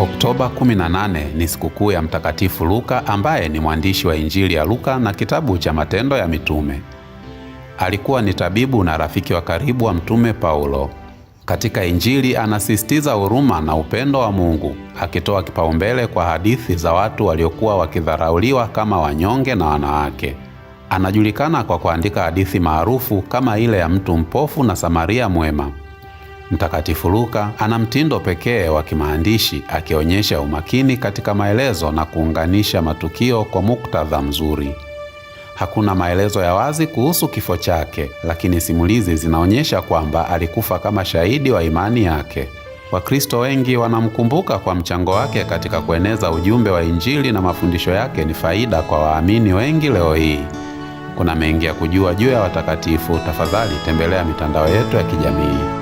Oktoba 18 ni sikukuu ya Mtakatifu Luka ambaye ni mwandishi wa Injili ya Luka na kitabu cha Matendo ya Mitume. Alikuwa ni tabibu na rafiki wa karibu wa Mtume Paulo. Katika Injili anasisitiza huruma na upendo wa Mungu, akitoa kipaumbele kwa hadithi za watu waliokuwa wakidharauliwa kama wanyonge na wanawake. Anajulikana kwa kuandika hadithi maarufu kama ile ya mtu mpofu na Samaria mwema. Mtakatifu Luka ana mtindo pekee wa kimaandishi, akionyesha umakini katika maelezo na kuunganisha matukio kwa muktadha mzuri. Hakuna maelezo ya wazi kuhusu kifo chake, lakini simulizi zinaonyesha kwamba alikufa kama shahidi wa imani yake. Wakristo wengi wanamkumbuka kwa mchango wake katika kueneza ujumbe wa Injili, na mafundisho yake ni faida kwa waamini wengi leo hii. Kuna mengi ya kujua juu ya watakatifu. Tafadhali tembelea mitandao yetu ya kijamii.